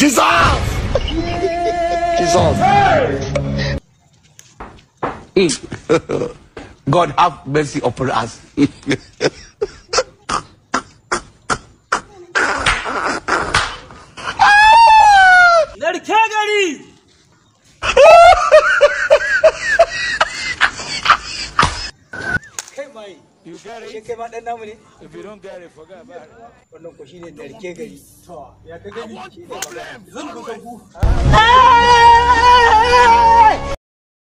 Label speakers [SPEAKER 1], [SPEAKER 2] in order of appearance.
[SPEAKER 1] Dissolve! Dissolve. God have mercy upon us.
[SPEAKER 2] get You got it. kai ma dan namu ne. If you don't get it, forget about it. Wannan ko shine da gari. To, ya ka gani? Zan ku. Ah!